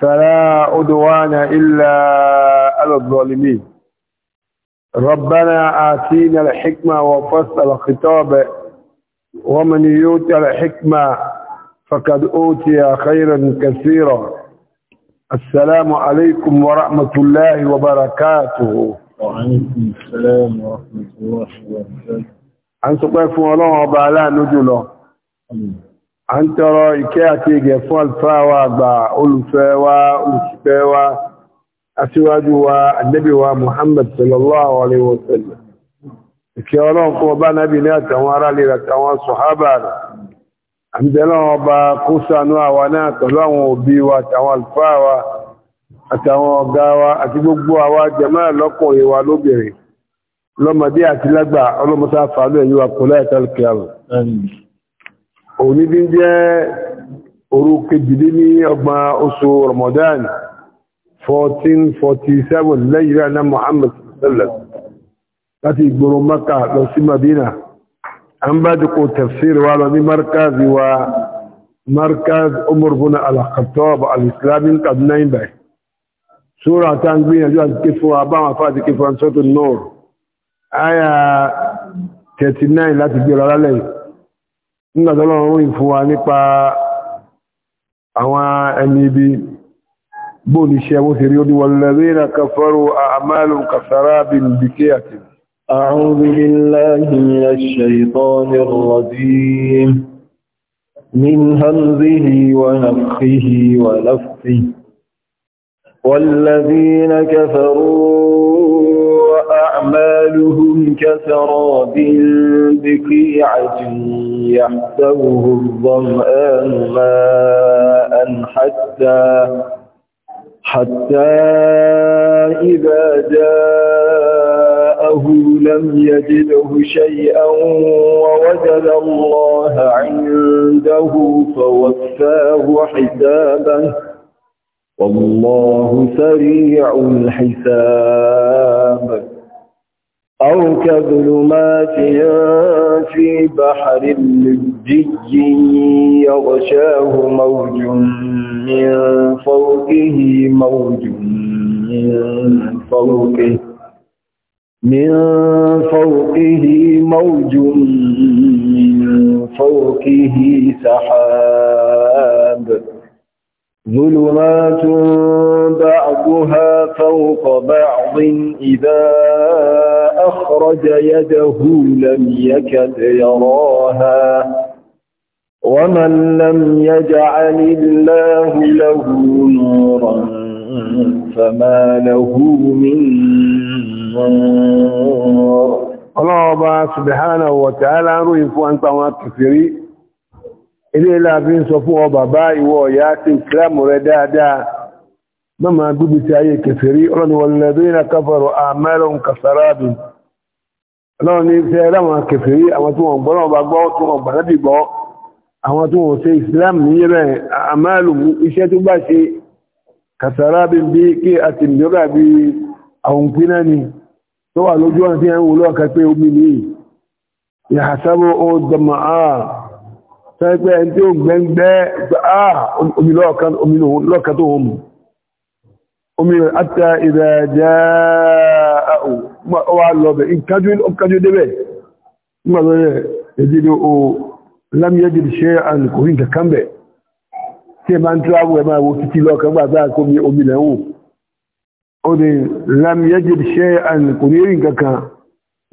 فلا عدوان إلا على الظالمين ربنا آتينا الحكمة وفصل الخطاب ومن يؤتى الحكمة فقد أوتي خيرا كثيرا السلام عليكم ورحمة الله وبركاته وعليكم السلام ورحمة الله وبركاته عن سقف الله وبعلا نجله a ń tọrọ ìkẹ́ àti ìgẹ̀ fún àlùfáà wa àgbà olùfẹ́ wa olùṣìpẹ̀ wa aṣíwájú wa ànábì wa Muhammad sallallahu alaihi wa sallam ìkẹ́ ọlọ́run fún ọba nábì ní àtàwọn aráàlú àtàwọn sọ̀hábà rẹ̀ àmìtẹ́lọ́wọ́ ọba kó ṣàánú àwa náà pẹ̀lú àwọn òbí wa àtàwọn àlùfáà wa àtàwọn ọ̀gá wa àti lọ́mọdé àti lágbà ọlọ́mọsáfà lóyún wa kò láìka àrùn òní bí jẹ́ òru kejìdé ní ọgbọ̀n oṣù Ramadan 1447 lẹ́yìn rẹ̀ náà Muhammad sallallahu láti ìgboro Maka lọ sí Madina an bá dùkú tafsir wa lọ ní markazi wa markaz Umar bin al-Khattab al-Islamin Kaduna Ibai sura ta ń gbìyànjú àti kéfò àbáwọn afáàtì kéfò ansọ́tò Nur aya 39 láti gbèrò alálẹ́yìn nígbàtọ́lọ́run ìfún wa nípa àwọn ẹni ibi bóòlù iṣẹ́ wó sí rí ó ní wàlẹ̀rẹ́nà kàfàrò àmàlù kàfàrà bí bìkẹ́ àti أعوذ بالله من أموالهم كسراب بقيعة يحسبه الظمآن ماء حتى حتى إذا جاءه لم يجده شيئا ووجد الله عنده فوفاه حسابه والله سريع الحساب أو كظلمات في بحر لجي يغشاه موج من فوقه موج من فوقه من فوقه موج من فوقه سحاب ظلمات بعضها فوق بعض إذا أخرج يده لم يكد يراها ومن لم يجعل الله له نورا فما له من نور الله سبحانه وتعالى رؤيه أنت واتفري إلي لا بين صفوه بابائي وياتي كلام ردادا مما قد تأيي كفري أولا والذين كفروا أعمالهم كسراب ọlọ́run ní ṣe ẹlẹ́wọ̀n kẹfìrí àwọn tí wọ́n gbọ́nà ọba gbọ́ tí wọ́n gbàdábì gbọ́ àwọn tí wọ́n ṣe islam ní yẹ́bẹ̀ àmàlù iṣẹ́ tó bá ṣe kàtàrà bí bí kí a ti mìíràn bí àwọn pínà ni tó wà lójú wọn tí wọ́n lọ́ọ̀ká pé omi ní ìhàsábò ó àà sáré ẹni tí ó gbẹ́ngbẹ́ àà omi lọ́ọ̀ká tó wọ́n mu omi àtà ìrẹ̀jẹ̀ wà lọ́bẹ̀ ìkájú débẹ̀ nígbàtọ́rẹ̀ ìdílé o lámíyẹ́dì ṣe ànkòrí kankan bẹ̀ tí ẹ máa ń tíráwò ẹ máa wo títí lọ́kàn gbàgbà kómi omi lẹ́wò ó ní lámíyẹ́dì ṣe ànkòrí kankan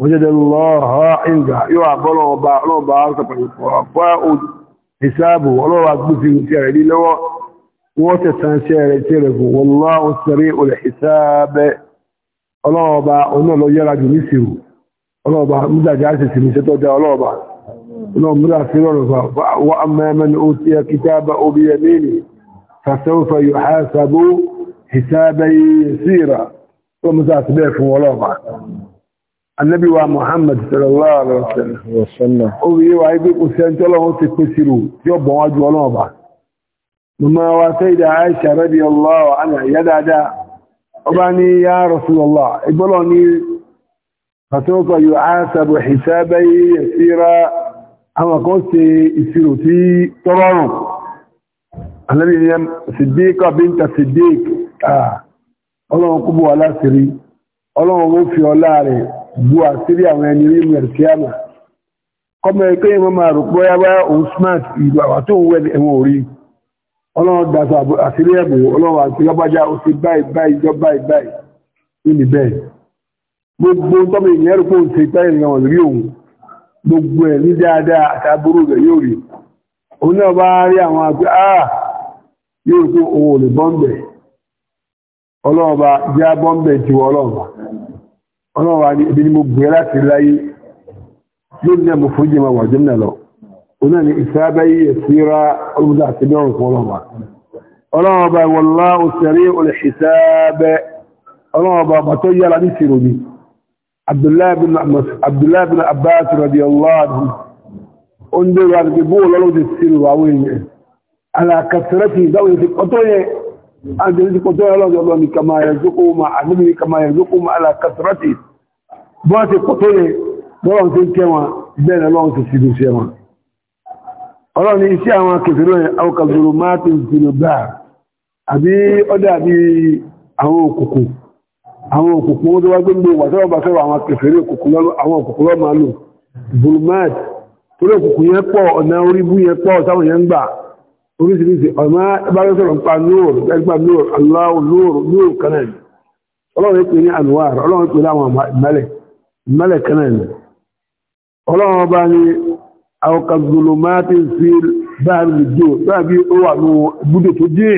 وجد الله عنده يوعب الله وباع الله بعرض وفاء حسابه ولو أكبر في سيره لي لو وتسان سيره والله السريع الحساب ọlọ́ọ̀ba onáàlọ́ yára jù nísìrò ọlọ́ọ̀ba múdàjá àṣẹsì ní ṣẹ́tọ́já ọlọ́ọ̀ba onáàmúdà sí rọrùn wà mẹ́mẹ́ni ó tí ẹ kíkà bá obi ẹ̀mẹ́ni fàṣẹ́wọ́fà yóò há sàbó ìṣàbẹ̀ síra tó múta sí bẹ́ẹ̀ fún ọlọ́ọ̀ba annabi wa muhammad sallallahu alaihi wasallam ó rí wa ibi kò sẹ́ńtọ́ ọba ni ya rasulallah ìgbọ́lọ̀ ní fàtíwọ́kọ̀ yóò áṣàbò ìṣẹ́bẹ̀ ìṣíra àwọn kan ṣe ìṣirò tí tọ́rọrùn alẹ́bí ní Siddiqa bínta Siddiq ah, ọlọ́run kúbọ̀ aláṣìírí ọlọ́run ó bu àṣírí àwọn ẹni rí mẹ́rìkíámà kọ́mọ̀ smart ọlọ́run dàtọ̀ àṣírí ẹ̀bù ọlọ́run àti lọ́bàjá ó ti báyìí báyìí jọ báyìí báyìí níbi bẹ́ẹ̀ gbogbo tọ́mọ ìyẹn rẹ̀ fóun ṣe táyà ìrìn àwọn rí òun gbogbo ẹ̀ ní dáadáa àtàbúrò rẹ̀ yóò rí òun náà bá rí àwọn àgbẹ̀ áà ah! yóò rí òun ò lè bọ́m̀bẹ̀ ọlọ́run bá já bọ́m̀bẹ̀ ti wọ ọlọ́run ọlọ́run wa ni ebi ni mo gbé láti láyé lónìí náà mo fojú ma wà jẹ́mìnà lọ ona ni isabai yasira olùdá àti bí ọ̀rùn fọ́lọ́wà ọlọ́wọ́ba wallahu sari'ul hisab ọlọ́wọ́ba ọba tó yára ní ṣìrò ní abdullahi bin abbas radiyallahu anhu o ń dèrò àti bó lọ́lọ́ ti ṣìrò àwọn èèyàn alakasirati dáwọn ti kọ́tọ́ yẹ àjẹ́ ti kọ́tọ́ yẹ lọ́jọ́ ní kama yẹ zókò ma àdébì ní kama yẹ zókò ma alakasirati bọ́n ti kọ́tọ́ yẹ lọ́wọ́n ti ń kẹwọn bẹ́ẹ̀ lọ́wọ́n ti ṣìrò ṣẹwọn ọlọ́run ni iṣẹ́ àwọn kèfèrè àwọkàzòrò martin zinuba àbí ọdá àbí àwọn òkùnkùn àwọn òkùnkùn ó tó wá gbé gbogbo wàtọ́wọ́ bá fẹ́wọ̀ àwọn kèfèrè àwọn òkùnkùn lọ́mà lò bulumat torí òkùnkùn yẹn pọ̀ ọ̀nà oríbú yẹn pọ̀ táwọn yẹn ń gbà oríṣiríṣi ọ̀nà ẹbárẹ́sọ̀rọ̀ pa nóòrù ẹgbà nóòrù aláwọ̀ nóòrù nóòrù kanáà ni ọlọ́run pè ní ànúwàr ọlọ́run pè ní àwọn ìmọ̀lẹ̀ ìmọ̀lẹ̀ ọlọ́run ọba ni àwọn kàzùlù máa ti fi báyìí jò tàbí ó wà ní ibùdó tó jẹ́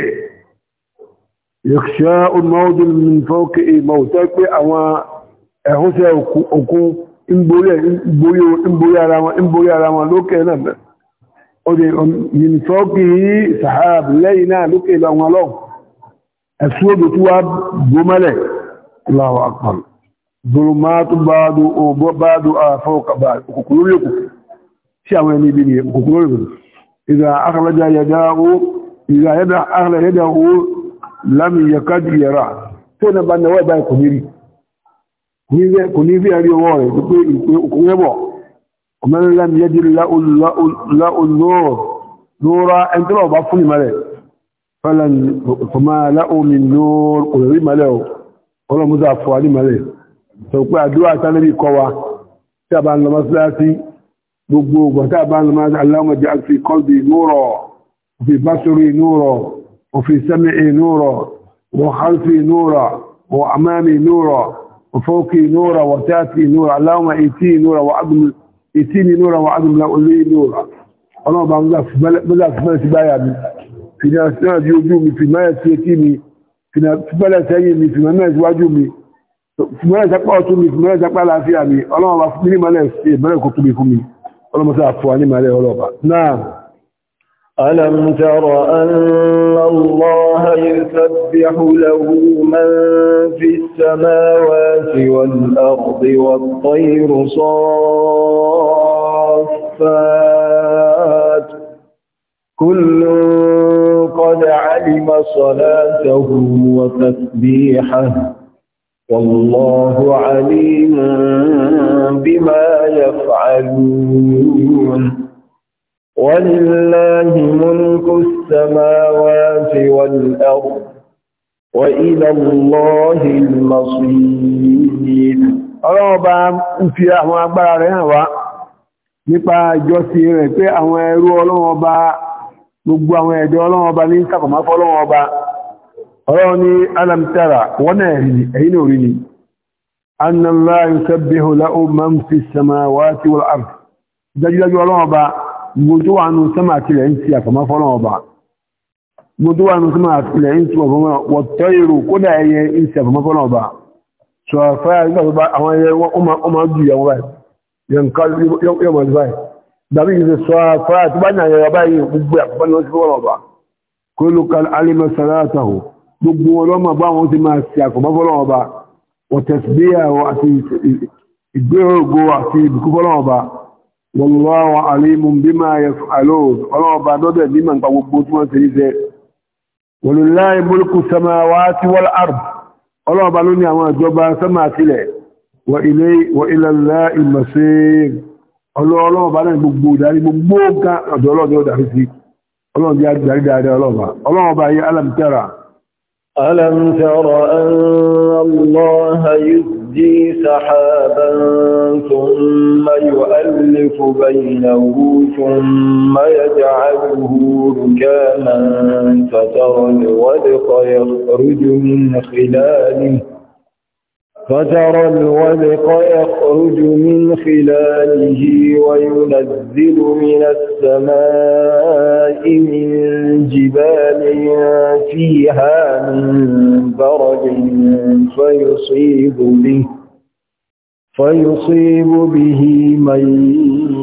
yẹ̀ṣẹ́ olùmọ́dún nìfọ́kẹ́ ìmọ̀ òtẹ́ pé àwọn ẹ̀húnṣẹ́ òkun ìgbórí ara wọn lókè náà ọdẹ nìfọ́kẹ́ sahab lẹ́yìn náà lókè lọ́wọ́ lọ́wọ́ ẹ̀sùn odò tí wá gbómẹ́lẹ̀ Allahu akbar zulumaatu ba'du ba'du fawqa ba'd sí àwọn ẹni ibi nìyẹn òkùnkùn lórí òkùnkùn ìgbà akọlọ́jà yẹ̀dá owó ìgbà yẹ̀dá akọlọ́ yẹ̀dá owó lámì yẹ̀ká di yẹ̀rà tó ní bá náwó ìbáyìí kò ní rí kò ní rí ẹ̀rí owó rẹ̀ pé òkùnkùn yẹ̀bọ̀ ọmọ lámì yẹ̀dí lóra ẹni tó lọ́wọ́ bá fún ìmọ̀ rẹ̀ fẹ́lẹ̀ fọmá gbogbo gbàtà bá ń máa aláwọ̀ jẹ́ àti kọ́lbì núrọ̀ òfì básórí núrọ̀ òfì sẹ́mìí núrọ̀ wọ hálfì núrọ̀ wọ àmàmì núrọ̀ وفوقي نورا وتاتي نورا اللهم ايتي نورا واضم ايتيني نورا واضم لا اولي نورا انا بنغا بلا بلا سبايا في ناس يوجوني في ما يتيني في ناس بلا تيني في ما يواجوني في ما تقاطوني في ما تقالا في امي اللهم بفني ما لا سي بلا كتبي فمي نعم ألم تر أن الله يسبح له من في السماوات والأرض والطير صافات كل قد علم صلاته وتسبيحه والله عليم بما يفعلون ولله ملك السماوات والأرض وإلى الله المصير ọlọ́ọ̀bá ń fi àwọn agbára rẹ̀ hàn wá nípa ìjọsí rẹ̀ pé àwọn ẹrú ọlọ́wọ́ba gbogbo àwọn ẹ̀dọ́ ọlọ́wọ́ba ní sàkọ̀máfọ́ ọlọ́wọ́ba ọ̀rọ̀ ni alamtara wọ́n náà rí ẹ̀yìn náà rí ni annalá yusabbihu lahu man fi samawati wal ard dájúdájú ọlọ́wọ́ bá gbogbo tó wà nù sánmà tilẹ̀ ń ti àfàmà fọ́lọ́wọ́ bá gbogbo tó wà nù sánmà tilẹ̀ ń ti àfàmà wọ̀tọ́ èrò kódà ẹyẹ ń ti àfàmà fọ́lọ́wọ́ bá sọ àfáà nígbà tó bá àwọn ẹyẹ wọn máa ju gbogbo ọlọ́mọ bá wọn ti máa ṣe àkọ́bọ́fọ́lọ́wọ́ bá wọ̀tẹ̀síbíyàwó àti ìgbérògbò àti ìbùkúfọ́lọ́wọ́ bá wọlọ́wọ́ alimun bima yaf'alun ọlọ́wọ́ bá dọ́dẹ̀ nímọ̀ nípa gbogbo tí wọ́n ti ní ṣe walillahi mulku samawati wal ard ọlọ́wọ́ bá ló ní àwọn ìjọba sánmà tilẹ̀ wa ila Allahi al-masir ọlọ́wọ́ bá náà gbogbo ìdarí gbogbo ọ̀dọ́ ọlọ́dọ́ dàrí sí ọlọ́wọ́ bí a dàrí ألم تر أن الله يزجي سحابا ثم يؤلف بينه ثم يجعله ركاما فترى الودق يخرج من خلاله فترى الودق يخرج من خلاله وينزل من السماء من جبال فيها من برد فيصيب به فيصيب به من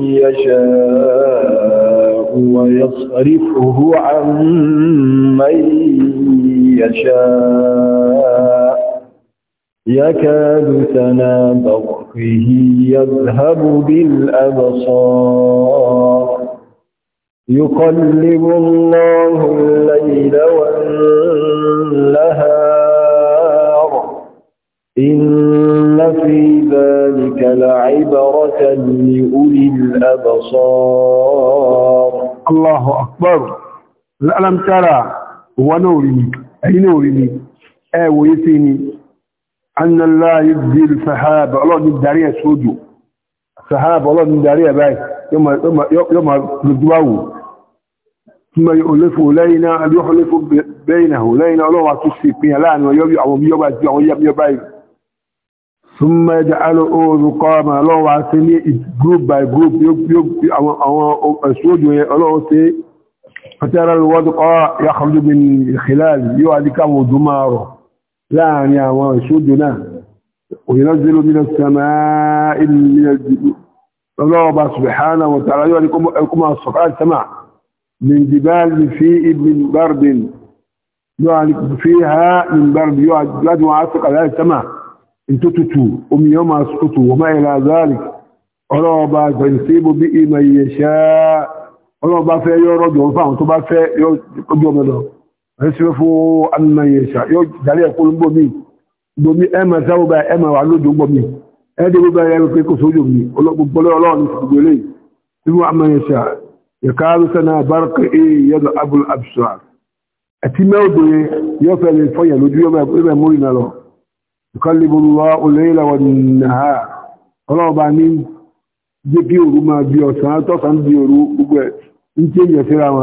يشاء ويصرفه عن من يشاء يكاد سنا برقه يذهب بالأبصار يقلب الله الليل والنهار إن في ذلك لعبرة لأولي الأبصار الله أكبر لألم ترى ونوري أي نوري أي ويسيني أن الله يبدي السحابة الله نداري السوجو السحابة الله نداري باي يوم يوم يوم ثم يؤلف لينا يحلف بينه لينا الله تشفي بين لان ويبيع ويبيع ويبيع ثم يجعله رقاما الله وعسني جروب باي جروب يب يب أو السوجو الله تي فترى الودق يخرج من خلال يوعد كم دماره láàrin àwọn ìṣòjò náà òyìnlọ́dínlò mílẹ̀ sẹ́mà ilẹ̀ ọlọ́ọ̀bá subhanahu wa ta'ala yóò ní kó máa sọ̀kọ́ sẹ́mà min jibali fi ibn bardin yóò ní fi ha min bardin yóò láti wọn aṣọ kàlá sẹ́mà in tó tutù omi yóò máa tutù wọ́n máa ìlà zálì ọlọ́ọ̀bá fẹ̀yìnsíbò bí ìmọ̀ ìyẹ̀ṣẹ́ ọlọ́ọ̀bá fẹ́ yọ́ rọ́jọ́ fáwọn tó bá fẹ́ yọ́ rọ́jọ́ mẹ́lọ́ọ̀ rẹsìrẹ́fò anáyẹ̀ṣà yóò darí ẹ̀kọ́ ló ń gbòmí gbòmí ẹ máa sáwọ́ báyìí ẹ máa wà lójú gbòmí ẹ dé gbogbo ẹ pé kò sójú mi gbogbo ọlọ́run gbogbo eléyìí nínú anáyẹ̀ṣà yẹ̀ká sẹ́nà bárkà ẹ̀ yẹ́dọ̀ abúlé abṣọ́ àti mẹ́ọ̀dọ̀ yóò fẹ́ lè fọyẹ̀ lójú yóò bẹ̀ múrì náà lọ ìkọlìbùlọ́ olóyìnlá wọn nàá ọlọ́ọ̀bá ní jẹ́ kí òru máa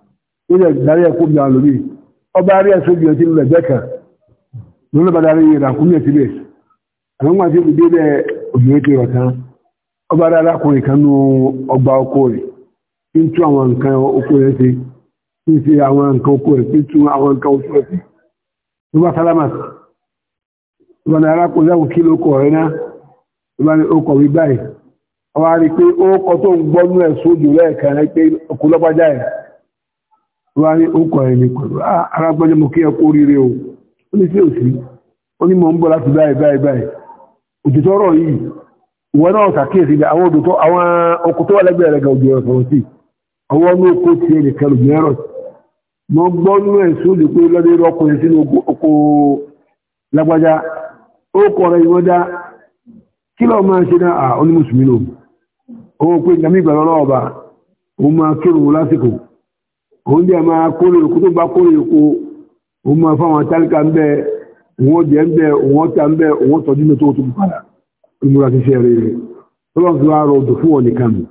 ó yẹ ìdarí ẹ̀kọ́ bí àwọn olómi ọba rí ẹ̀sọ́ bí ọtí lẹ́gbẹ́ kan lórí ọbàdarí ìràkúnmí ẹ̀sílẹ̀ àwọn máa ti fi dé bẹ́ẹ̀ òbí ti rọ̀ tán ọba rí arákùnrin kan nú ọgbà oko rẹ̀ kí n tún àwọn nǹkan oko rẹ̀ ṣe kí n ṣe àwọn nǹkan oko rẹ̀ kí n tún àwọn nǹkan oko rẹ̀ ṣe ló bá sálámà ìwà ní arákùnrin láwùjọ kí ló kọ̀ rẹ̀ náà ìwà ní okọ̀ wí báyìí ọba rí pé ó kọ tó ń gbọ́ nú ẹ̀ wá ní ó kọ̀ ẹni pẹ̀lú arágbọ́jọ́ ah, mo kí ẹ kú oríire o ó ní sí òsì ó ní mo ń bọ̀ láti báyìí báyìí báyìí òtítọ́ ọ̀rọ̀ yìí ìwọ náà ṣàkíyèsí bí àwọn òdòtọ́ àwọn tó wà lẹ́gbẹ̀ẹ́ rẹ̀ gan sí gbọ́ nínú pé sínú oko lágbájá ó kọ̀ rẹ̀ ìwọ́n dá kí máa ṣe náà lò ó pé ọba òun òun jẹ́ máa kórè òkú tó bá kórè òkú òun máa fáwọn tálíkà ń bẹ òun jẹ́ ń bẹ òun ta ń bẹ òun tọ́jú ní tó tó padà ìmúra ṣiṣẹ́ rẹ̀ rẹ̀ tọ́lọ́ fi wá rọ odò fún wọn nìkan mi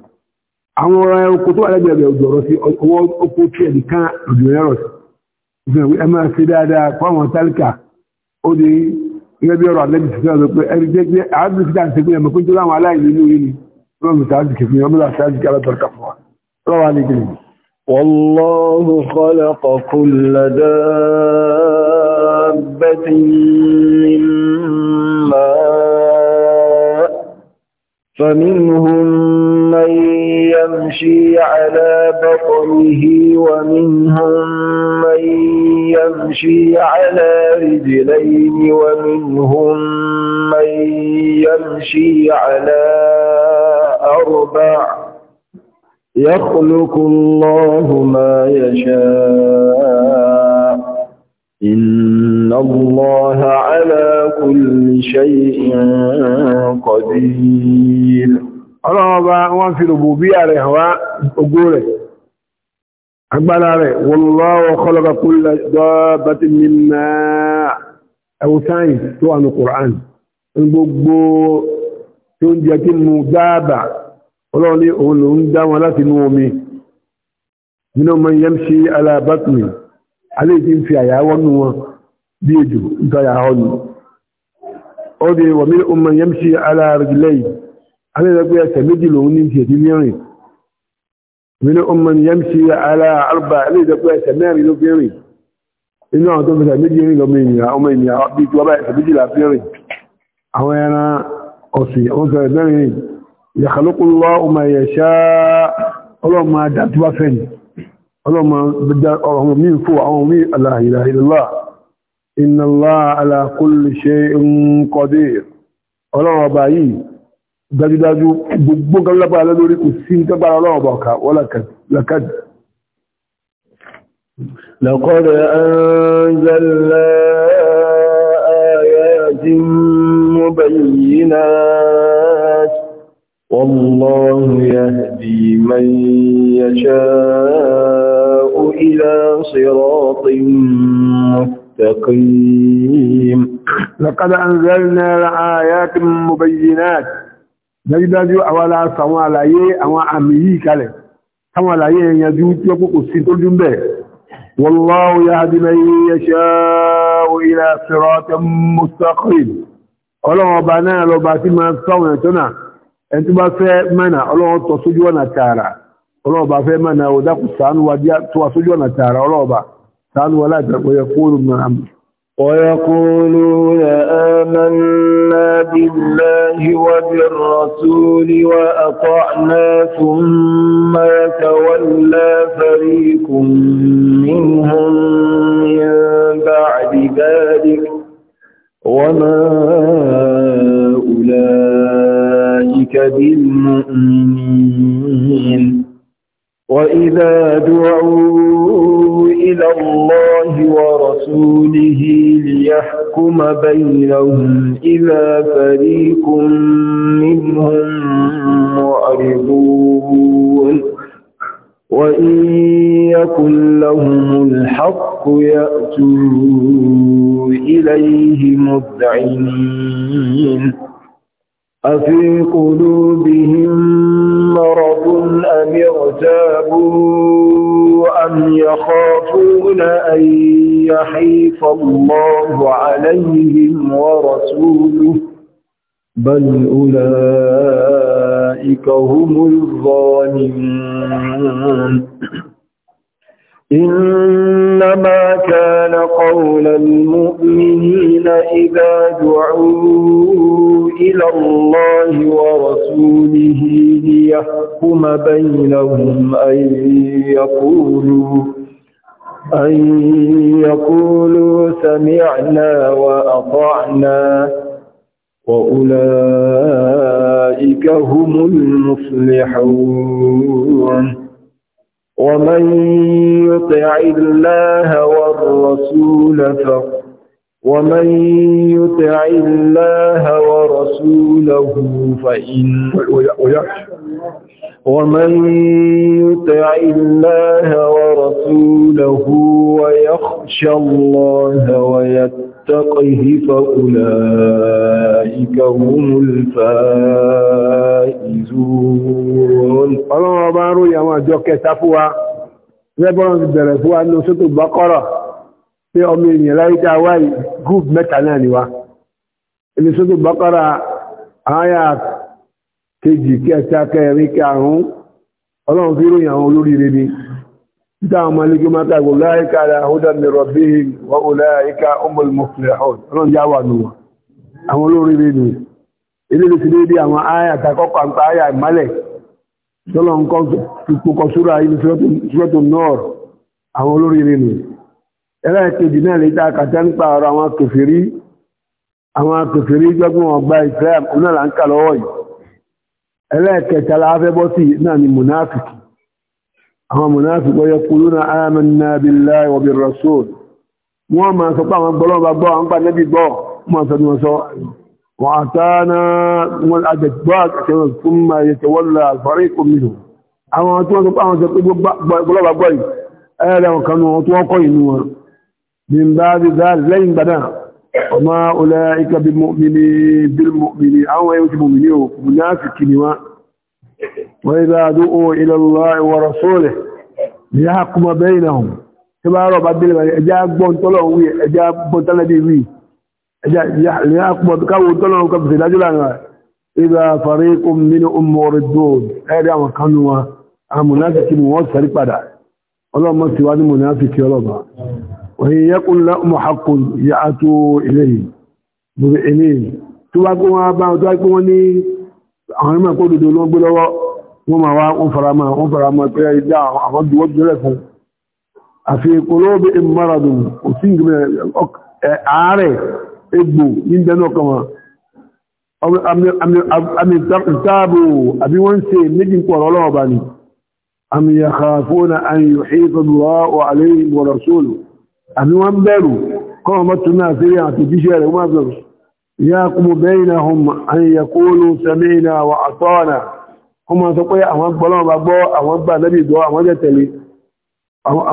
àwọn ọ̀rọ̀ oko tó wà lẹ́gbẹ̀ẹ́ rẹ̀ odò ọ̀rọ̀ sí ọwọ́ oko tí ẹ̀ nìkan odò ẹ̀rọ sí ẹ máa ṣe dáadáa fáwọn tálíkà ó di gẹ́gẹ́ bí ọ̀rọ̀ alẹ́bí sísẹ́ ọ̀rọ̀ pé ẹni jẹ́ pé àádùn síta ṣe pé ẹ̀mọ̀ pé tó láwọn aláìní ní orí ni ọlọ́run sáájú kìfìyàn ọmọdé sáájú kí والله خلق كل دابة من ماء فمنهم من يمشي على بطنه ومنهم من يمشي على رجلين ومنهم من يمشي على أربع يخلق الله ما يشاء إن الله على كل شيء قدير ọlọ́ọba wọ́n fi rùgbù bí ààrẹ àwá ogó rẹ̀ agbára rẹ̀ wọlọ́wọ́ kọlọ́gbà kúlẹ̀ dọ́bàtí mímọ̀ ẹwùtáyìn tó wà ní kùrán gbogbo tó ń jẹ́ kí mú dáadáa ọlọ́run ní òun ló ń dá wọn láti inú omi nínú ọmọ yẹn ṣe alábàtúmí aléèkí ń fi àyà wọnú wọn bí ejò ń ta àyà ọ̀nù ó di wọ̀mí ọmọ yẹn ṣe alárìlẹ́yìn aléèkí ẹsẹ̀ méjì lòun ní tiẹ̀ ti mẹ́rin nínú ọmọ yẹn ṣe alárìbá aléèkí ẹsẹ̀ mẹ́rin ló fẹ́rìn inú àwọn tó fẹsẹ̀ méjì rìn lọ́mọ ènìyàn ọmọ ènìyàn bíi tí wọ́n bá ẹsẹ̀ méjì yàkàlókòlọ́ ọmọ ẹ̀ṣá ọlọ́mọ adájúwá fẹ́ni ọlọ́mọ ọ̀rọ̀ mí fò àwọn mí aláìláìlá ináàlá alákòlùṣe nkọdé ọlọ́rọ̀ ọba yìí dájúdájú gbogbo gbogbo lórí kò sí gbogbo ọlọ́rọ̀ ọba ọ̀ka wọ́lákàdì لقد أنزلنا آيات مبينات والله يهدي من يشاء إلى صراط مستقيم لقد أنزلنا آيات مبينات dájúdájú àwọn aláàsà àwọn àlàyé àwọn àmì yìí kalẹ̀ táwọn àlàyé ẹ̀yànjú tí ó kòkò sí tó jùm bẹ̀ wallahu yahdi man yasha'u ila siratin mustaqim ọlọ́wọ́ ọba náà lọ bá sí máa sọ́wọ̀n ẹ̀tọ́nà ẹni tó bá fẹ́ mẹ́nà ọlọ́run tọ́ sójú ọ̀nà tààrà ọlọ́ọ̀bá fẹ́ mẹ́nà ọ̀dákù sàánú wa tó wà sójú ọ̀nà tààrà ọlọ́ọ̀bá sàánú wa ويقولون آمنا بالله وبالرسول وأطعنا ثم يتولى فريق منهم بعد ذلك وما ربك بالمؤمنين وإذا دعوا إلى الله ورسوله ليحكم بينهم إذا فريق منهم معرضون وإن يكن لهم الحق يأتوا إليه مذعنين أفي قلوبهم مرض أم ارتابوا أم يخافون أن يحيف الله عليهم ورسوله بل أولئك هم الظالمون إنما كان قول المؤمنين إذا دعوا إلى الله ورسوله ليحكم بينهم أن يقولوا أن يقولوا سمعنا وأطعنا وأولئك هم المفلحون ومن يطع الله والرسول فقال ومن يطع الله ورسوله فإن ومن يطع الله ورسوله ويخشى الله ويتقه فأولئك هم الفائزون الله أبارو يا ما جوك سفوا يبرون بالرفوة أنه ستبقى قرأ pé ọmọ ènìyàn láyé tá a wá yìí group mẹ́ta náà ni wá ilé sọ́tò bọ́kọ́ra àáyà kejì kẹta kẹrin karùn-ún ọlọ́run fi ròyìn àwọn olóríire ni títà àwọn ọmọlẹ́gbẹ́ mọ́ta gbò láyíká ara hudan min rabbihim wa ulaika humul muflihun ọlọ́run já wà nù wọn àwọn olóríire ni ilé lè ẹlẹ́ẹ̀kejì náà lè ta kàtẹ́ nípa ọ̀rọ̀ àwọn kèfèrí àwọn kèfèrí gbọ́gbọ́n ọgbà Islam náà là ń kà lọ́wọ́ yìí ẹlẹ́ẹ̀kẹta láfẹ́ bọ́ sí náà ni munafiki àwọn munafiki wọ́n yẹ kúrú na amanna billahi wa bir rasul wọ́n máa sọ pé àwọn gbọ́lọ́ bá gbọ́ àwọn gbàdé bí gbọ́ wọ́n sọ ẹ̀rẹ́ àwọn kan wọn ìlú wọn من بعد ذلك لين بنا وما أولئك بالمؤمنين بالمؤمنين أو يوجد مؤمنين منافقين وإذا دعوا إلى الله ورسوله ليحكم بينهم كما رب الدين أجاب بون تلو أجاب بون تلو وي ليحكم بكو تلو كبسي لا جلان إذا فريق من أم وردون هذا ما كانوا المنافقين وصل قدر اللهم سواني منافقين الله وإن يكن لهم حق يأتوا إليه مذعنين tó bá gbọ́n wá bá ọjọ́ pé wọ́n ní àwọn ẹ̀mọ́ kó dòdò ló ń gbé lọ́wọ́ wọ́n máa wá wọ́n fara máa wọ́n fara máa pé ẹja àwọn jùwọ́ fún àfi polóòbí ìmọ̀ràdùn òsì ìgbìmọ̀ ààrẹ egbò níbẹ̀nú ọkàn àmì wọ́n bẹ̀rù kọ́wọ́n mọ́tún náà sí àti jíṣẹ́ rẹ̀ wọ́n bẹ̀rù ya kuma bẹ́yìn ahun an yà kóòlù sẹ́mìnà wa àtọ́ọ̀nà kuma sọ pé àwọn gbọ́lọ́wọ́ bá gbọ́ àwọn gbà lẹ́bí gbọ́ àwọn jẹ́ tẹ̀lé àwọn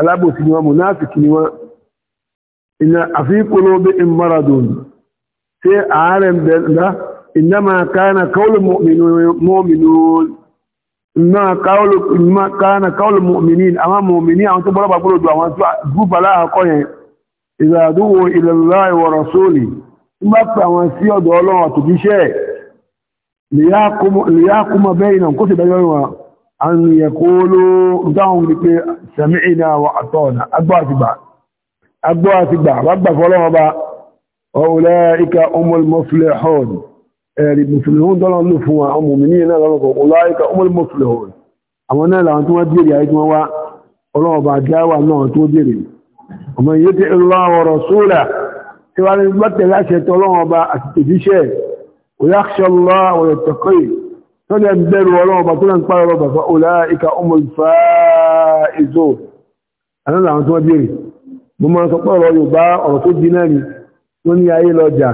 alábòsí ni wọ́n mú náà إنما كان قول المؤمنون إنما قول إنما كان قول المؤمنين أما المؤمنين أنت بلا بقول دعوة أنت جوب لا أقول إذا دعوا إلى الله ورسوله ما فهم سيا دولة تبيشة ليقوم ليقوم بينهم كتب يوم أن يقولوا دعهم سمعنا وأطعنا أدعوا تبع أدعوا تبع رب فلما با أولئك هم المفلحون ẹ̀rì mùsùlùmí dọ́lọ́n ló fún wa ọmọ òmìnir yẹn náà lọ́rọ̀kọ̀ ọláyíká ọmọ mùsùlùmí àwọn náà làwọn tí wọ́n bèèrè ayé tí wọ́n wá ọlọ́ọ̀bà dáwà náà tó bèèrè ọmọ yìí tí ìlú ọ̀rọ̀ sólà tí wọ́n bá tẹ̀lé àṣẹ tó ọlọ́ọ̀bà àti tòjíṣẹ́ òyàṣọ́lá ọ̀rọ̀ tẹ̀kọ́ tó lẹ́ bẹ̀rù ọlọ́ọ̀bà tó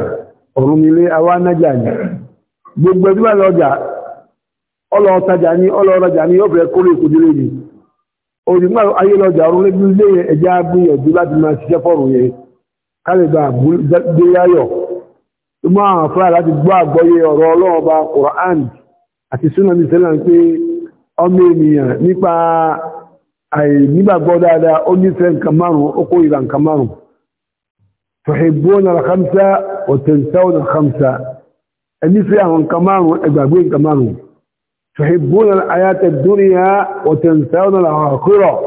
awa awánájà ni gbogbo ẹbí bá lọ́jà ọlọ́ọ̀tajà ní ọlọ́ọ̀rajà ní ọ̀bẹ̀rẹ̀ kórè ìkòdílé ni òrìgbà ayé lọ́jà ọ̀rúnlé ẹja gbìyànjú láti máa ṣiṣẹ́ fọ́ọ̀rù yẹn kálíbà gbé yáyọ̀ tó máa hàn fúnra láti gbọ́ àgbọ́yé ọ̀rọ̀ ọlọ́ọ̀ba Quran àti súnàmì sẹ́là pé ọmọ ènìyàn nípa àìnígbàgbọ́ dáadáa ó nífẹ̀ẹ́ nǹkan márùn-ún ó kó ìlà nǹkan تحبون الخمسة وتنسون الخمسة اللي فيهم كمان وإبابين كمان تحبون الحياة الدنيا وتنسون الآخرة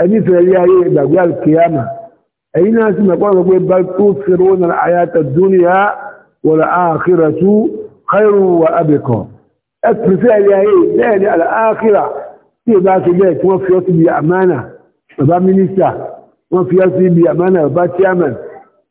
اللي فيها إبابين الكيامة أي ناس ما يقولون بل تؤثرون الحياة الدنيا والآخرة خير وأبقى أكثر فيها إيه الآخرة هي o bá ṣe bẹ́ẹ̀ tí wọ́n fi ọ́ síbi àmánà bàbá mínísítà wọ́n fi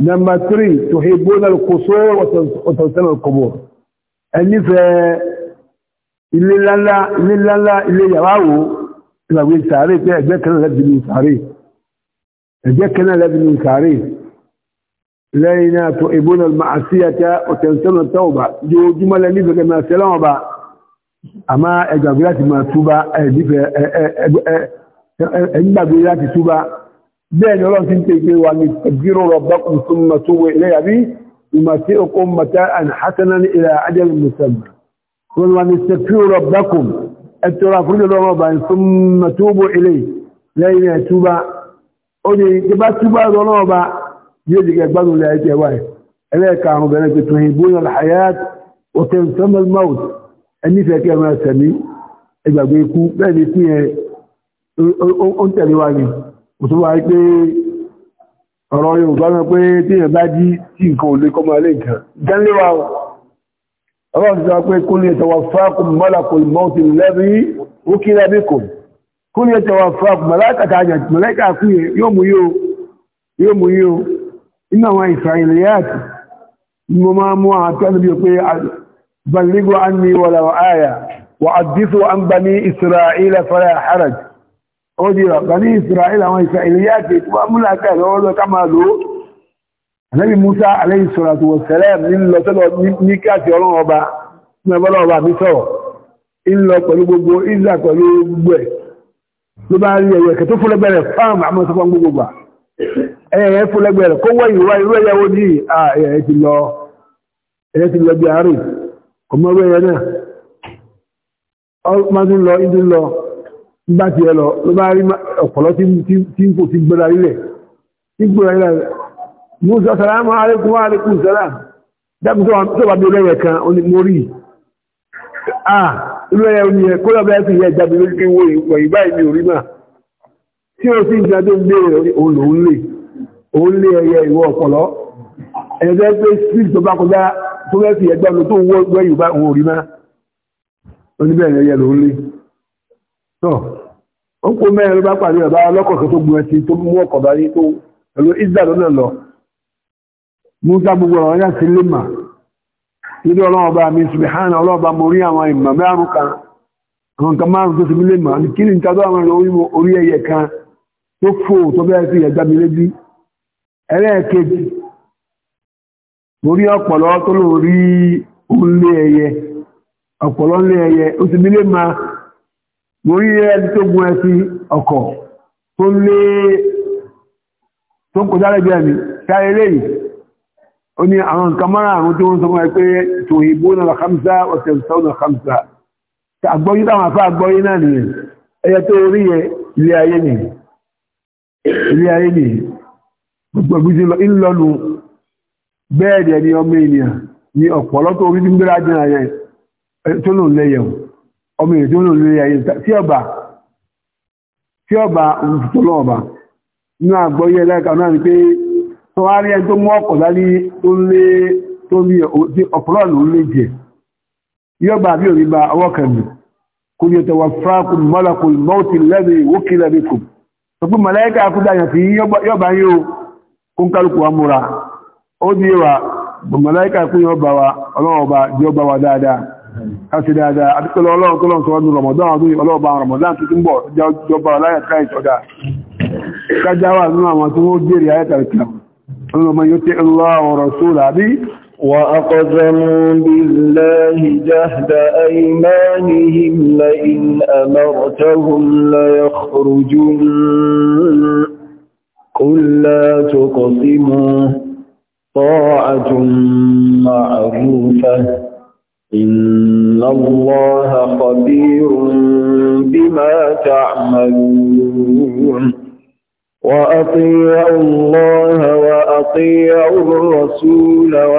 Number three, تحبون القصور وتنسون القبور. Ẹni fẹ́ ilé lálá, ilé lálá, ilé yàrá wo, ìgbàgbé sàárè pé ẹgbẹ́ kan lẹ́bi ní sàárè. Ẹgbẹ́ kan lẹ́bi ní sàárè. Lẹ́yìn náà تحبون المعصية وتنسون التوبة. Jòjúmọ́ lẹ nífẹ̀ẹ́ kẹ́ máa sẹ́lọ́wọ́n bá. Àmá ẹgbàgbé láti máa túbá, ẹgbàgbé láti túbá. بين رأس تيجي وتبجروا ربكم ثم توبوا إليه به يمتئكم متاء حسنا إلى أجل مسمى ثم استكفروا ربكم أترى كل ربا ثم توبوا إليه لين يتوبا أولي كبا توبا ربا يجي قبلوا لا يتواه إليك عن بلد تهيبون الحياة وتنسم الموت أني فاكر ما سمي إذا بيكو بأني فيه أنت لواني tó wá pé ọ̀rọ̀ Yorùbá mẹ́ pé tí èyàn bá jí tí nǹkan ò lè kọ́ máa lè nǹkan gánléwà ọwọ́ ti sọ pé kó ní ẹ̀tọ̀wà fáàkùn malakul mọ́tì lẹ́bí ó kí lẹ́bí kò kó ní ẹ̀tọ̀wà fáàkùn malakata àjàjì mọ́lẹ́kà fún yóò mú yóò inú àwọn ìsàìlẹ́yàtì ni mo máa mú ó di ọ̀gá ní ìsìráìlì àwọn ìsìráìlìyàtì tó bá múlá kẹ́ lọ́wọ́ lọ ká máa lò ó ànábì Musa alayhi salatu wa salam ní lọ tọ́lọ ní káàkì ọlọ́run ọba ní ọbọ́lọ́ ọba mi sọ̀rọ̀ ń lọ pẹ̀lú gbogbo ìzà pẹ̀lú gbogbo ẹ̀ ló bá rí ẹ̀yẹ kẹ́ tó fúnlẹ́gbẹ̀rẹ̀ fáàm àmọ́ tó fọ́n gbogbo gbà ẹ̀yẹ fúnlẹ́gbẹ̀rẹ̀ kó wọ́ ìwà irú ẹ̀yẹ ní ẹ̀yẹ ti lọ ẹ̀yẹ ti lọ kò mọ́ ẹ̀yẹ náà ọmọdún lọ ìdún lọ nígbà tí ẹ lọ ló bá rí ọ̀pọ̀lọ́ tí kò ti gbọ́dá rílẹ̀ tí gbọ́dá rílẹ̀ musa salamu alaikum alaikum salam dákùn tó bá bí olóyẹ kan onímórí ah olóyẹ oníyẹ kó lọ bẹ́ẹ̀ sì yẹ jáde lórí kí wọ́n ìwọ̀ ìgbà ìmì orí náà tí ó sì ń jẹ́ tó ń béèrè òun lè òun lè ẹyẹ ìwọ ọ̀pọ̀lọ́ ẹ̀yẹ tó pé street tó bá kọjá tó bẹ́ẹ̀ sì yẹ gbẹ́nu tó ń wọ́ ìgbà òun orí náà oníbẹ̀rẹ̀ ẹyẹ lòun lè tọ́ ó kó mẹ́rin bá pàdé ọ̀bá ọlọ́kọ̀ọ́kọ́ tó gbọ́n ẹtí tó mú ọkọ̀ bá tó pẹ̀lú israel lọ́nà lọ musa gbogbo ọ̀rọ̀ yá sí lè mà nínú ọlọ́ọ̀bá mi subhana ọlọ́ọ̀bá mo rí àwọn ìmọ̀ mẹ́rún kan àwọn márùn tó ti lè mà kí ni níta tó àwọn orí ẹyẹ kan tó fò tó bẹ́ẹ̀ ẹlẹ́ẹ̀kejì mo rí ọ̀pọ̀lọ́ tó mo rí ẹni tó gun ẹsí ọkọ̀ tó lé tó ń kọjá lẹ́gbẹ̀ẹ́ mi káyẹ lẹ́yìn ó ní àwọn nǹkan mara àrùn tí wọ́n sọ mọ́ pé tó ìbò náà la khamsa ọ̀sẹ̀ ìsáwọ̀n náà khamsa àgbọ́yí táwọn afá àgbọ́yí náà nìyẹn ẹyẹ tó rí yẹ ilé ayé nì ilé ayé nì gbogbo ìgbìsí lọ ìlọnu bẹ́ẹ̀ ni ọmọ ènìyàn ni ọ̀pọ̀lọ́ tó rí ọmọ èdè wọn lórí ayé tí ọba tí ọba òtútọ́lọ́ ọba inú àgbọ́yé ẹlẹ́ka náà ni pé tó wá rí ẹni tó mú ọkọ̀ lálé tó ń lé tó ní ọ̀pọ̀lọ́ọ̀lù ń lé jẹ yọba àbí òní ba ọwọ́ kẹrin kò ní ọ̀tọ̀wọ̀ fúrákù mọ́làkù mọ́ọ̀tì lẹ́bi wókè lẹ́bi kù tó pé mọ̀lẹ́kà akúdàyàn sí yọba yóò kó ń kálukú wa múra ó ní wa mọ̀lẹ́kà akúyọba wa ọlọ́wọ́ ọba jọba wa dáadáa káṣí dáadáa àdúpẹ́lẹ̀ ọlọ́run tó lọ́n sọ́dún ramadan ọdún ọlọ́ọ̀bá ramadan tó tún bọ̀ jọba aláyàtà ìtọ́dá kájáwà nínú àwọn tí wọ́n jèrè ayẹ́ta ìtàn ọlọ́mọ yóò tẹ́ ọlọ́ọ̀rọ̀ sólà bí وأقسموا بالله جهد أيمانهم لئن أمرتهم ليخرجن قل لا تقسموا طاعة معروفة إن الله خبير بما تعملون وأطيعوا الله وأطيعوا الرسول و...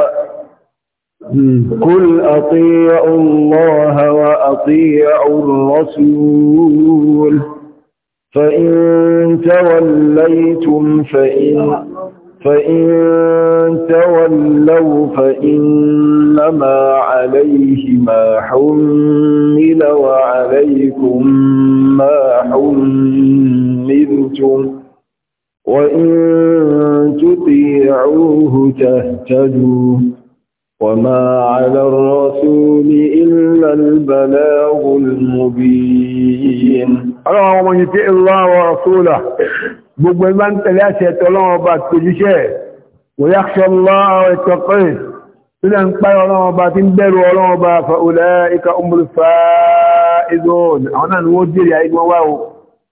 أطيعوا الله وأطيعوا الرسول فإن توليتم فإن فإن تولوا فإنما عليه ما حمل وعليكم ما حملتم وإن تطيعوه تهتدوا وما على الرسول إلا البلاغ المبين اللهم يطيع الله ورسوله gbogbo ẹgbẹ́ ń tẹ̀lé àṣẹ ẹ̀tọ́ ọlọ́run ọba àtòjíṣẹ́ wa yakhsha Allaha wa yattaqih tó lẹ́ ń páyọ ọlọ́run ọba tí ń bẹ̀rù ọlọ́run ọba fa ulaika humul faizun àwọn náà ni wọ́n jèrè àìgbọ́n wá o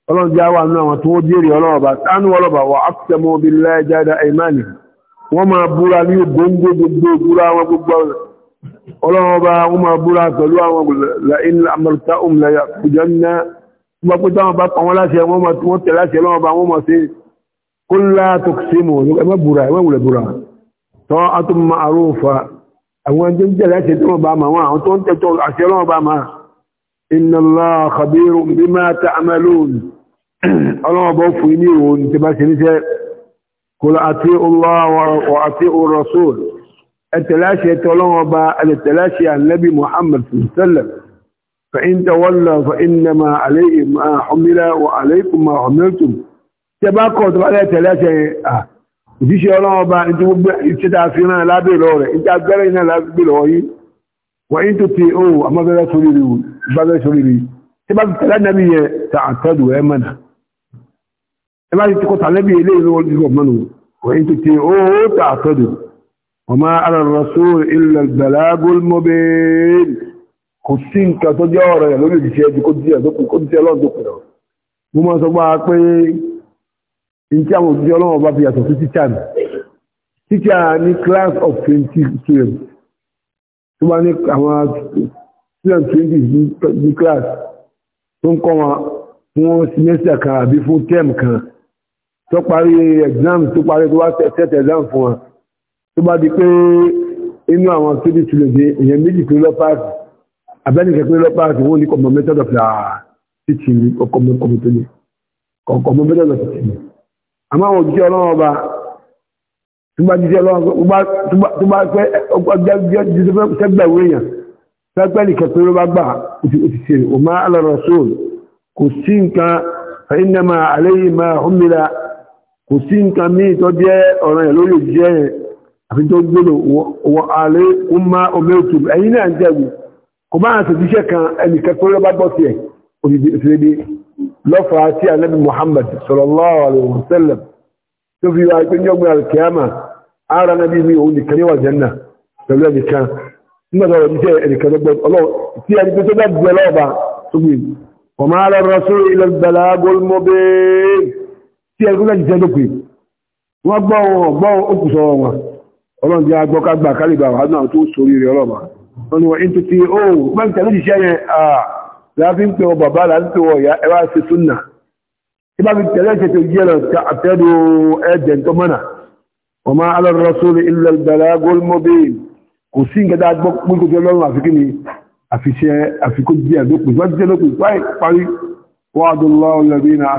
ọlọ́run já wà nínú àwọn tó wọ́n jèrè ọlọ́run ọba tánú ọlọ́ba wa aqsamu máa búra pẹ̀lú àwọn la in amartahum la ya'khudanna wọ́n pé táwọn bá pa wọ́n láṣẹ wọ́n tẹ̀ láṣẹ lọ́wọ́ bá wọ́n mọ̀ sí kó látò sí mọ̀ ẹmọ́ búra ẹmọ́ ìwòlẹ̀ búra tọ́ atúmọ̀ àrófà àwọn ẹjọ́ jẹ́ láṣẹ tí wọ́n bá ma wọ́n àwọn tó ń tẹ̀tọ́ àṣẹ lọ́wọ́ bá ma inna Allaha khabirun bima ta'malun ọlọ́wọ́ bọ́ fún ní ìwò ní tẹ́bá ṣe níṣẹ́ kó àti ọlọ́wọ́ àti rasul ẹ̀tẹ̀láṣẹ tọ́lọ́wọ́ bá ẹ̀tẹ̀láṣẹ Annabi Muhammad sallallahu alaihi wasallam فإن تولوا فإنما عليه ما حمل وعليكم ما حملتم تباكوا تبالي ثلاثة òjíṣẹ́ ọlọ́wọ́ bá ní tí ó gbé ìṣẹ́dá fi rán lábẹ́lọ rẹ̀ ní tí a gbẹ́rẹ̀ iná lábẹ́lọ yí bá ti tẹ̀lá nẹ́bí yẹ ta àtọ́dù ẹ mọ́nà ẹ kò sí nǹkan tó jẹ́ ọ̀rọ̀ yẹn lórí ìdíṣẹ́ ẹjú kó díẹ̀ tó kù kó díẹ̀ lọ́dún tó kù lọ. mo máa sọ pé a pé iṣẹ́ àwọn òṣìṣẹ́ ọlọ́wọ́ bá fi yàtọ̀ sí tíṣà mi tíṣà ní class of twenty students tó bá ní àwọn students twenty ní class tó ń kọ́ wọn fún semester kan àbí fún term kan tó parí exam tó parí tó wá set exam fún wọn tó bá di pé inú àwọn students lè méjì tó lọ́ pàṣẹ abẹ́nìkẹ́ pé lọ́pàá àti wọ́n ní kọ̀mọ̀ method of the ah, teaching ní ọkọ̀mọ̀ kọ̀mọ̀ tó ní kọ̀mọ̀ method of teaching ní àmọ́ àwọn òjíṣẹ́ ọlọ́run ọba tó bá jíṣẹ́ ọlọ́run tó bá pẹ́ sẹ́gbẹ̀wé èèyàn sẹ́gbẹ̀ kò sí nǹkan ìnáma àléyìn máa hómìnira kò sí nǹkan míì tó jẹ́ ọ̀ràn lórí òjíṣẹ́ yẹn àfi tó gbélé wọ àlé ó òtù ẹ̀yìn náà ń kò bá àti ìdíṣẹ́ kan ẹnìkan tó lọ́bá gbọ́ sí ẹ̀ òdìdí lọ́fàá tí alẹ́bí Muhammad sallallahu alaihi wasallam tó fi wá pé ní ọgbọ̀n alkiyama ara náà bí mi òun nìkan níwà jẹ́nà pẹ̀lú ẹnìkan nígbà tó ọ̀díṣẹ́ ẹnìkan tó gbọ́ ọlọ́wọ́ tí ẹni tó bá gbẹ lọ́ọ̀bà tó gbé wa ma ala rasul illa al-balagul mubin tí ẹni wọ́n wọ́n in tó ti ó mẹ́rin tẹ̀lé ìṣẹ́ yẹn àà láàfin pé wọ bàbá láti pé wọ ya ẹwà e sí súnà tí bá fi tẹ̀lé ìṣẹ́ tó yẹ lọ ká àtẹ́dù ẹ̀jẹ̀ tó mọ́nà wọ́n máa alọ́rọ̀ sórí ilẹ̀ ìdàlá gólmọ́bì kò sí nǹkan dáa gbọ́ kò jẹ́ lọ́rùn àfikún ni àfiṣẹ́ àfikún díẹ̀ lópin wọ́n ti jẹ́ lópin páì parí wọ́n adùn lẹ́bí náà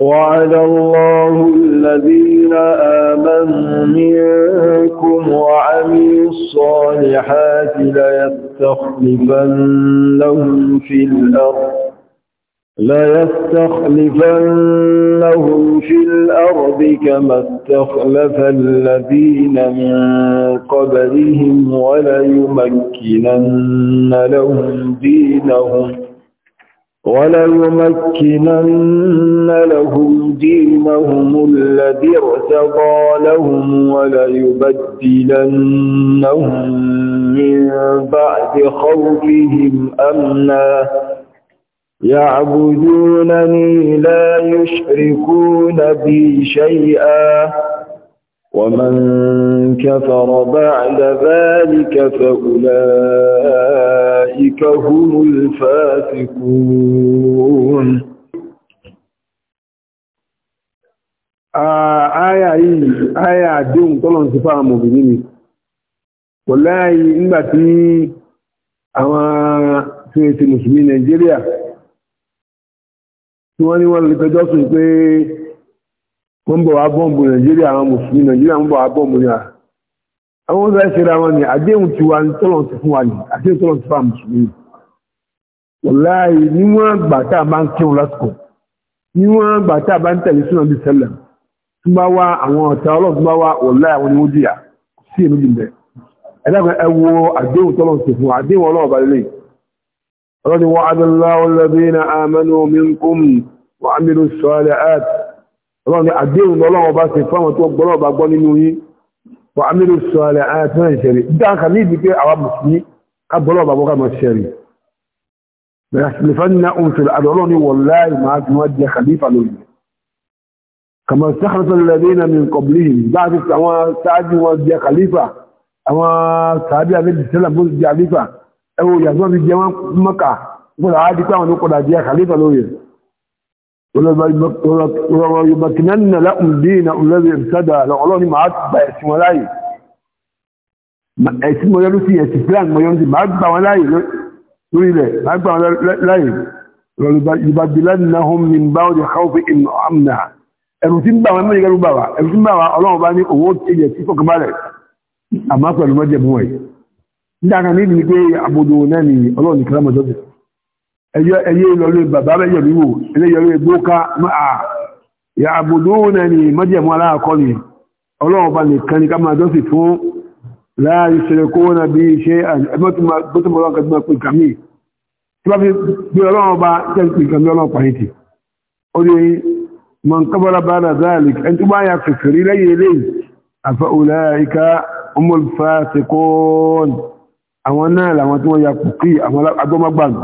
وعد الله الذين آمنوا منكم وعملوا الصالحات ليستخلفنهم في الأرض ليستخلفنهم في الأرض كما استخلف الذين من قبلهم وليمكنن لهم دينهم وليمكنن لهم دينهم الذي ارتضى لهم وليبدلنهم من بعد خوفهم أمنا يعبدونني لا يشركون بي شيئا ومن كفر بعد ذلك فأولئك هم الفاسقون Aya yìí, aya àdéhùn tọ́lọ̀ ti fáwọn mọ̀bìnrin ni. Kò láàáyí nígbàtí àwọn tí ó ti Mùsùlùmí Nigeria, wọ́n ń bọ̀ wá bọ́ǹbù nàìjíríà àwọn mùsùlùmí nàìjíríà ń bọ̀ wá bọ́ǹbù ní à àwọn ọ̀sán ìṣẹ́ra wọn ni àdéhùn ti wà ní tọ́lọ̀ ti fún wa ní àdéhùn tọ́lọ̀ ti fún mùsùlùmí wọ̀láì níwọ̀n àgbà tá a máa ń kírun lásìkò níwọ̀n àgbà tá a bá ń tẹ̀lé súnà bí sẹ́lẹ̀ tó bá wá àwọn ọ̀tá ọlọ́run bá wá wọ̀láì àwọn oníwó jìyà sí èmi jìnbẹ̀ ẹ̀dàgbọ́n ẹ wo àdéhùn tọ́lọ̀ ti fún àdéhùn ọlọ́run balẹ̀ ọlọ́run wa adallahu alladhina ọlọ́run ni àdéhùn ọlọ́run bá ṣe fáwọn tó gbọ́rọ̀ bá gbọ́ nínú yín wọ́n amílò sọ̀rọ̀ àyàtúnrẹ̀ ìṣẹ̀rí dáǹkà ní ìdí pé àwọn mùsùlùmí ká gbọ́rọ̀ bá gbọ́kà máa ṣẹ̀rí lẹ́fẹ́ni náà ń fèrè àdọ́rọ̀ ni wọ́n láì máa tún wá jẹ́ kàlífà lórí kàmọ́ sáhàtà lẹ́dẹ́ iná mi kọ̀bìlì bá ti àwọn sáájú wọn jẹ́ kàlífà àwọn sàábí àbẹ́jì sẹ́lẹ̀ وليمكنن لهم دينهم الذي ارتدى لأولوني ما أتبع اسم ولاي اسم ويلوسي اسفلان ما يونسي ما أتبع ولاي تقولي لي ما أتبع ولاي وليبدلنهم من بعد خوف إن أمنها ẹ̀rùsìn bá wọn mẹ́rin gẹ́rù bá wa ẹ̀rùsìn bá wa ọlọ́run bá ní owó ẹ̀yẹ tí kọ̀kan bá rẹ̀ àmọ́ pẹ̀lú mọ́jẹ̀ mú ẹ̀ nígbà kan ní ìdí pé àbòdò náà ni ọlọ́run ní kílámọ̀jọ́sìn ẹyẹ ìlọlẹ̀ bàbá bẹ́yẹ̀ wíwò ẹlẹ́yọrẹ̀ gbóká máa ya àbòdó náà ni májẹ̀mú aláàkọ́ ni ọlọ́ọ̀bá nìkan ní ká máa jọ́sì fún láàrin ṣẹlẹ̀ kó wọ́n bí iṣẹ́ àwọn náà làwọn tí wọ́n ya kùkí àwọn agbọ́mọ́gbàmù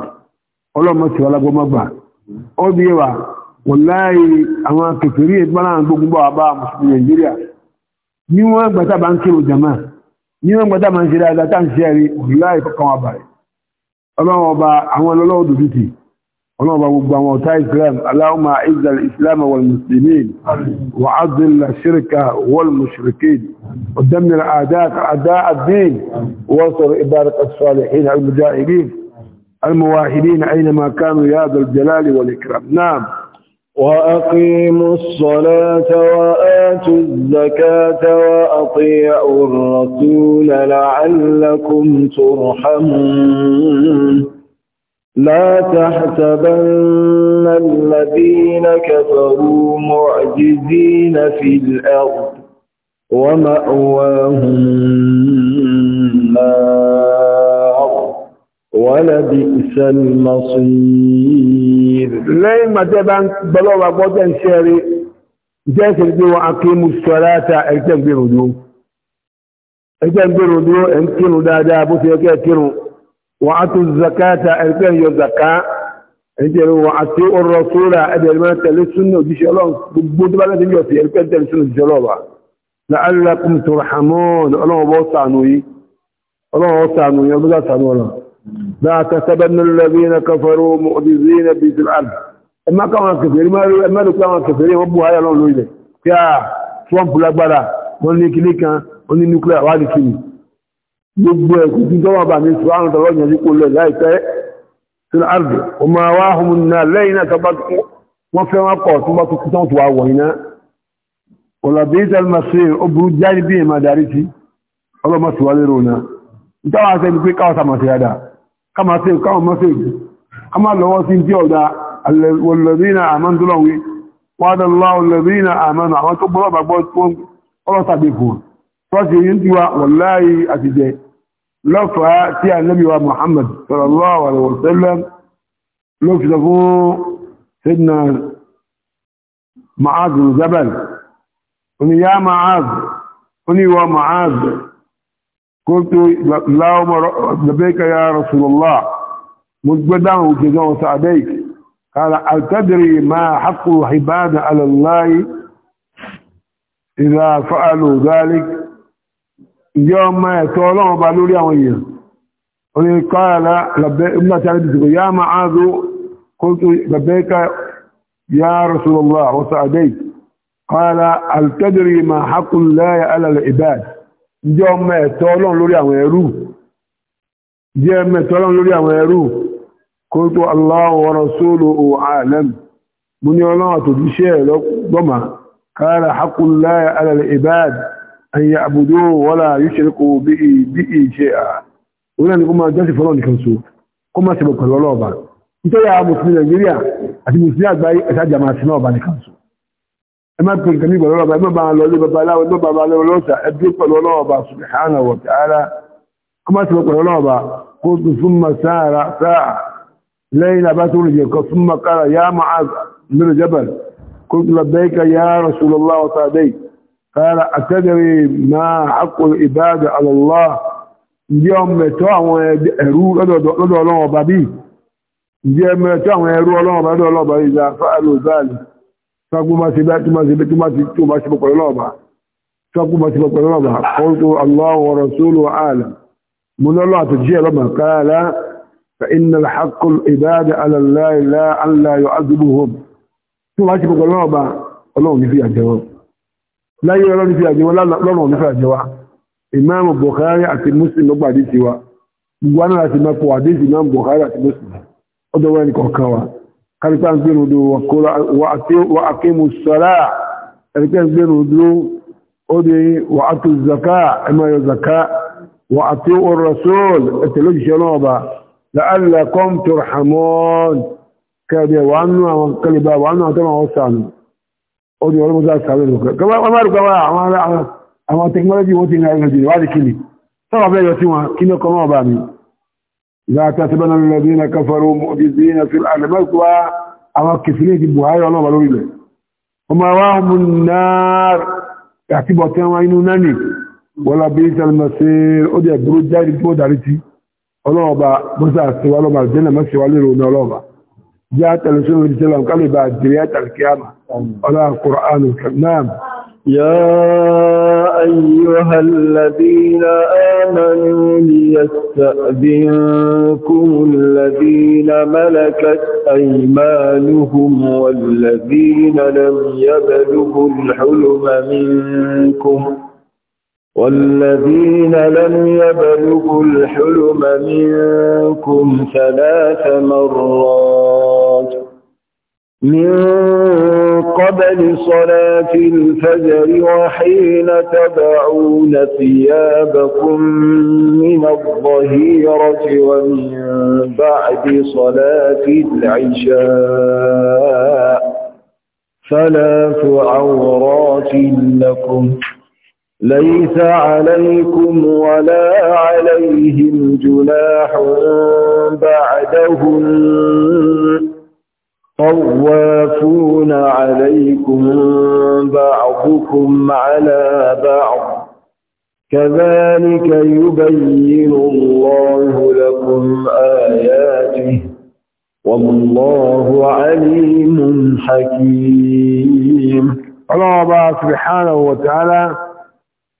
ọlọ́mọ tí ọlágbọ́mọ́gbà ó bí wà wọláì àwọn kèfèrí ìgbọ́nà gbogbo bọ́ àbá mùsùlùmí nàìjíríà ní wọ́n gbàtà bá ń kírò jama ní wọ́n gbàtà bá ń ṣe dáadáa tá ń ṣe rí wọláì kọkàn wà báyìí ọlọ́wọ́ ọba àwọn ọlọ́wọ́ dòdò tì ọlọ́wọ́ ọba gbogbo àwọn ọ̀tá islam aláwọ̀mà israel islam المواهبين أينما كانوا يا ذا الجلال والإكرام نعم وأقيموا الصلاة وآتوا الزكاة وأطيعوا الرسول لعلكم ترحمون لا تحسبن الذين كفروا معجزين في الأرض ومأواهم النار ولبئس المصير لين ما تبان بلوغ بوتن شيري جاك دي واقيموا الصلاه ايتم بيرودو ايتم بيرودو ان كيرو دادا بو تي كيرو واعطوا الزكاه ايتم يو زكاه ايتم واعطوا الرسول ادل ما تلسن دي شلون بود بلا دي يو تي ايتم تلسن دي شلون لعلكم ترحمون الله بو سانوي الله سانوي الله سانوي لا تحسبن الذين كفروا مؤذين في الارض اما كما كفر ما ما كما كفر وبو هيا لون لويده يا فون بلاغبارا wọ́n ní kinní kan wọ́n ní nuclear wà ní kinní gbogbo ẹ̀kú tí tó wà bá ní sọ àrùn tọ́lọ́ ìyànjú kò lọ láìpẹ́ sínú àrùn ọmọ wa hùn náà lẹ́yìn náà tọ́ba wọ́n fẹ́ wọn kọ̀ tó bá tó kú tán tó wà wọ̀nyí náà ọ̀làbí ìtàlùmọ̀sí ó burú jáde bí ìmọ̀ àdárí sí ọlọ́mọ̀sí wálé rò náà nítorí àwọn akẹ́ni pé káwọn sàmọ̀sí yàdá kama ṣe káwọn mọ́sẹ̀ ìgbì a máa lọ́wọ́ sí tí ọ̀dá alẹ́wọ̀lẹ́bìnà àmọ́ndúlọ́wí wádàláwọ̀lẹ́bìnà àmọ́nà àwọn tó gbọ́rọ̀ bàgbọ́ ọlọ́sàgbèkù tọ́sí yìí tí wa wọ̀láyé àtijẹ́ lọ́fàá tí a nẹ́bí wa Muhammad sallallahu alaihi wasallam ló fi sọ sidna Mu'adh jabal oníyá Mu'adh oníwọ̀ Mu'adh قلت اللهم لبيك يا رسول الله مجبدا وجزا سعديك قال هل تدري ما حق العباد على الله إذا فعلوا ذلك يوم ما يتولون لي أولي قال لبيك يا معاذ قلت لبيك يا رسول الله وسعديك قال هل تدري ما حق الله على العباد jẹ́ ọmọ ẹ̀tọ́ ọlọ́run lórí àwọn ẹrú jẹ́ ọmọ ẹ̀tọ́ ọlọ́run lórí àwọn ẹrú kó tó Allahu wa rasuluhu a'lam mú ní ọlọ́run àtòjíṣẹ́ lọ́gbọ́mà kára haqqul lahi ala al-ibad an ya'buduhu wa la yushriku bihi shay'an òun náà ni kó máa jọ́sì fọ́lọ́ ẹmá pè nǹkan ní ìgbàlọ́rọ̀ ẹmá bá lọ ilé bàbá aláwọ̀ ẹmá bàbá aláwọ̀ lọ́sà ẹbí pẹ̀lú ọlọ́ọ̀bà subhanahu wa ta'ala ọmọ sí pẹ̀lú ọlọ́ọ̀bà kó tún sa'a sáà sáà lẹ́yìn àbá tó rìn kan súnmọ́ kára yá máa lórí jabal kó Allah sọ́gbọ́n máa ṣe bá tí máa ṣe tí máa ṣe tí ó bá ṣe pẹ̀lú ọba sọ́gbọ́n máa ṣe pẹ̀lú ọba kan tó Allahu wa rasuluhu a'lam mo ní ọlọ́ àtẹ̀jẹ́ ọlọ́mà káàlá fa inna al-haqqa al-ibada ala Allahi la an la yu'adhibuhum tí wọ́n ṣe pẹ̀lú ọba ọlọ́run ní fi àjẹ wọn láyé ọlọ́run kàrípà ń gbẹ̀rù dúró wà àkímù sọ́lá ẹ̀rípà ń gbẹ̀rù dúró ó dé wà àtò zaka ẹmọ̀yọ̀ zaka wà àti orasol ẹ̀tẹ̀lójìṣẹ́ náà bá la'allakum turhamun kẹ́ẹ̀dẹ̀ wà nù àwọn kẹlẹ̀bà wà nù àtọ́nà àwọn sàánù ó dé ọlọ́mọdé sàánù lókè àwọn tẹkinọ́lọ́jì wọ́n ti ń ra لا تحسبن الذين كفروا مؤجزين في الأرض مثوى أما كفرين في بوهاي والله بلو إليه وما واهم النار يحتبوا كانوا عينو ناني ولا بيت المسير أدي أبرو جاري بو دارتي الله با مسا استوى الله با الجنة مسي والي رونا الله با جاءت الرسول صلى الله عليه وسلم قال بعد جريات القيامة ولا القرآن الكريم يا أيها الذين آمنوا ليستأذنكم الذين ملكت أيمانهم والذين لم يبلغوا الحلم منكم والذين لم يبلغوا الحلم منكم ثلاث مرات من قبل صلاة الفجر وحين تبعون ثيابكم من الظهيرة ومن بعد صلاة العشاء ثلاث عورات لكم ليس عليكم ولا عليهم جناح بعدهم طوافون عليكم بعضكم على بعض كذلك يبين الله لكم آياته والله عليم حكيم الله سبحانه وتعالى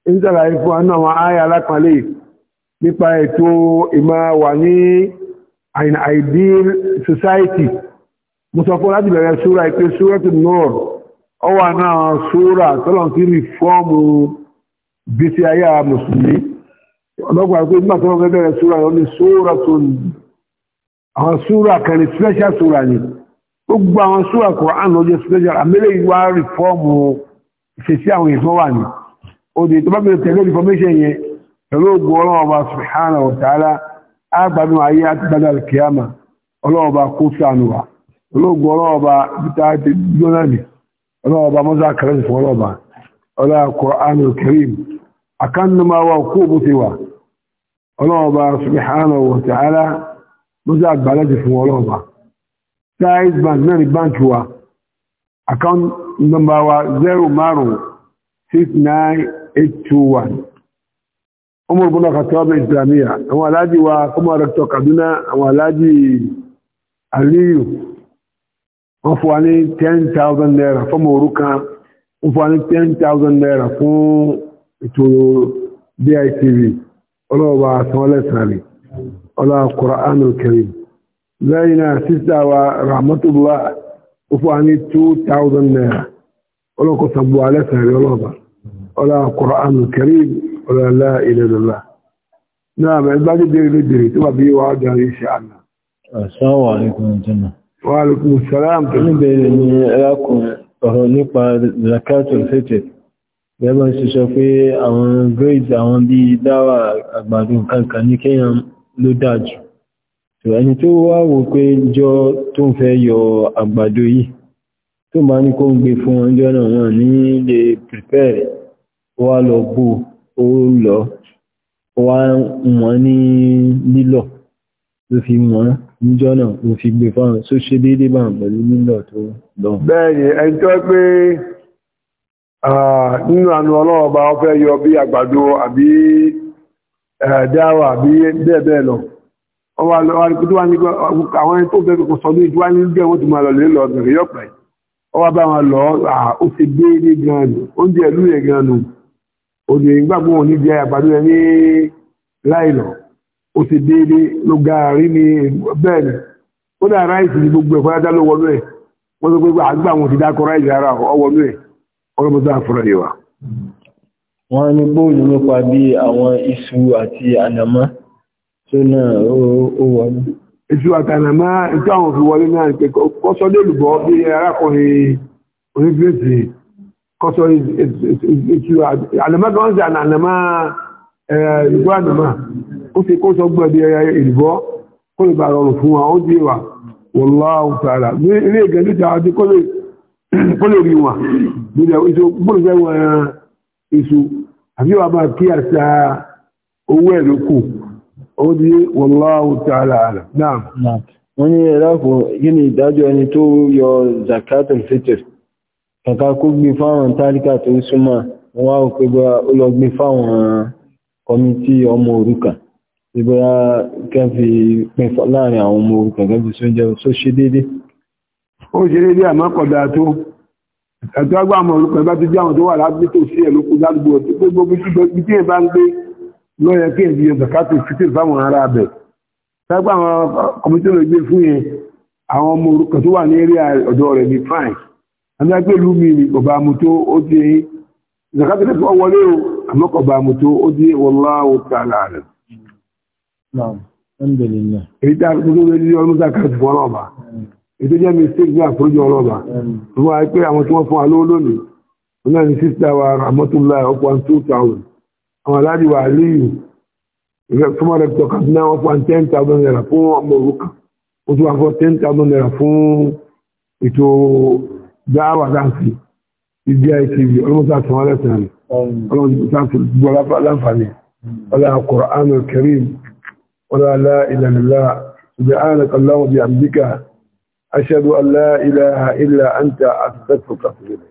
إن dára أنه معايا لك مليك nípa ètò إما wà ní an ideal society mo sọ fún láti bẹ̀rẹ̀ súra ìpé súra tó nọ́ọ̀ ọwà náà súra tọ́lọ̀n tí rí fọ́ọ̀mù gbèsè ayé mùsùlùmí ọlọ́gbà pé nígbà tó fẹ́ bẹ̀rẹ̀ súra lọ ní súra tó ní àwọn súra kan ní special súra ni gbogbo àwọn súra Quran ló jẹ́ special àmẹ́lẹ̀ ìwà rí fọ́ọ̀mù ìṣesí àwọn ìfọ́ ọlọ́wọ́ ọba subhanahu wa ta'ala àgbàdo ayé àti gbàdá kìámà ọlọ́wọ́ ọba kó sànù wa ológun ọlọ́ọ̀ba títà ti jóná ní ọlọ́ọ̀ba mọ́sá kẹrẹsì fún ọlọ́ọ̀ba ọlá Qur'an al-Karim akánnumáwá kó bó ti wà ọlọ́ọ̀ba subhanahu wa ta'ala mọ́sá gbàlẹ́jì fún ọlọ́ọ̀ba Jaiz bank náà ní wa account number wa zero márùn six nine eight two one Umar bin Khattab Islamiyya àwọn aláàjì wa kọ́mọ̀ rẹ̀ tọ́ Kaduna àwọn aláàjì Aliyu wọ́n fún wa ní ten thousand naira fọ́mọ òrukàn wọ́n fún wa ní ten thousand naira fún ètò bitv ọlọ́ọ̀bà sanwó-ẹlẹ́sàn rẹ̀ ọlá Qur'anul Karim lẹ́yìn náà sísá wa rahmatullah wọ́n fún wa ní two thousand naira ọlọ́kọ̀ sàgbọ́ alẹ́sàn rẹ̀ ọlọ́ọ̀bà ọlá Qur'anul Karim ọlá la ilaha illallah náà mẹ́gbàdébèrè lóbìnrin tó bàbí wa dárí Wa alaikum salam tó níbẹ̀ ni ẹlákùnrin ọ̀rọ̀ nípa zakatul fitr gẹ́gbà ń ṣiṣọ́ pé àwọn grades àwọn bí dáwà àgbàdo kankan ní Kenya ló dájú so ẹni tó wá wò pé jọ tó ń fẹ́ yọ àgbàdo yìí tó bá ní kó ń gbé fún ọjọ́ náà ní lè prepare wá lọ bó ó lọ wá wọ́n ní lílọ̀ ló fi wọ́n níjọ́ náà ó fi gbé fáwọn tó ṣe déédé bá pẹ̀lú nílọ̀ tó lọ. bẹ́ẹ̀ni ẹni tó pé nínú àánú ọlọ́ọ̀bá ọfẹ́ yọ bí àgbàdo àbí dáwà àbí bẹ́ẹ̀ bẹ́ẹ̀ lọ àwọn ẹni tó bẹ̀rẹ̀ kò sọ ní ìdíwá ní ìgbẹ́ wọn tó máa lọ lè lọ bẹ̀rẹ̀ yọ̀pẹ̀ ọwọ́ bá wọn lọ ó ti déédé gan-an oúnjẹ ìlú yẹn gan-an nù òdì ìgbàgbọ́ òní jẹ àgbàdo yẹn ní láìlọ́ọ̀ ó ti déédé ló gaàrí ní bẹ́ẹ̀ ni ó dà ráìsì ní gbogbo ẹ̀kọ́ ajá ló wọnú ẹ̀ wọ́n sọ pé àgbà wọn ti dákọ ráìsì ara ọwọ́nú ẹ̀ ọlọ́mọdé àfúrà yìí wa. wọ́n ní bóòlù nípa bí àwọn iṣu àti ànàmọ́ tó náà ó wọnú. iṣu àti ànàmọ́ tí àwọn fi wọlé náà pé kọ́sọ́ lélùbọ́ bí arákùnrin onígbèsè kọ́sọ́ iṣu ànàmọ́ kan ń ṣe ànàmọ́ ìgbó ànàmọ́ ó ti kó sọgbọ́n di ẹyà ìdìbọ́ kó lè bá rọrùn fún wa ó di wà wallahu ta'ala ní ilé ìgẹ̀ẹ́lú ta àti kó lè rí wọn lórí àwọn iṣu gbọ́dọ̀ fẹ́ wọn iṣu àbí wàá máa kí àṣà owó ẹ̀ ló kù ó di wallahu ta'ala náà. wọ́n ní ẹ̀rọ kò kí ni ìdájọ́ ẹni tó yọ zakat al-fitr kàkà kó gbé fáwọn tálíkà tó súnmọ́ wọn wá òpin bá ó lọ gbé fáwọn kọmitì ọmọ òrukàn ìgbéra kẹfì pínfọ́ láàrin àwọn ọmọ kẹ̀kẹ́ fi ṣe tó ṣe dédé ó ṣe dédé àmọ́ kódà tó ẹ̀tọ́ agbá àmọ́ olùkọ́ ẹ̀bá tó jẹ́ àwọn tó wà lábẹ́ tó sí ẹ̀lú kúrò ládùúgbò ọ̀tí gbogbo bí tí èèyàn bá ń gbé lọ́yẹ kí èèyàn yẹn zakato fitr fáwọn ará abẹ̀ ságbà àwọn kọmítì ló gbé fún yẹn àwọn ọmọ olùkọ́ tó wà ní eré ọ̀dọ́ rẹ̀ èyí tí a fi tó lé ní ọdún sákàtì fún ọlọ́ọ̀bà èyí tó jẹ́ mistake ní àforíjì ọlọ́ọ̀bà tó wá pé àwọn tí wọ́n fún wa lówó lónìí wọn náà ní sísá wa Rahmatullah ọ̀pọ̀ one two thousand àwọn aláàdì wa aliyu fún ọ̀rẹ́ tó kàn náà wọ́n fún ten thousand naira fún ọmọ òrukàn ó tún wá fún ten thousand naira fún ètò dáwà dáǹsì ibi ITV ọlọ́mọdé àtàwọn ẹlẹ́sìn rẹ̀ ọlọ́mọdé àtàwọn ẹlẹ́sìn ولا لا إله إلا الله سبحانك اللهم وبحمدك أشهد أن لا إله إلا أنت أستغفرك وأتوب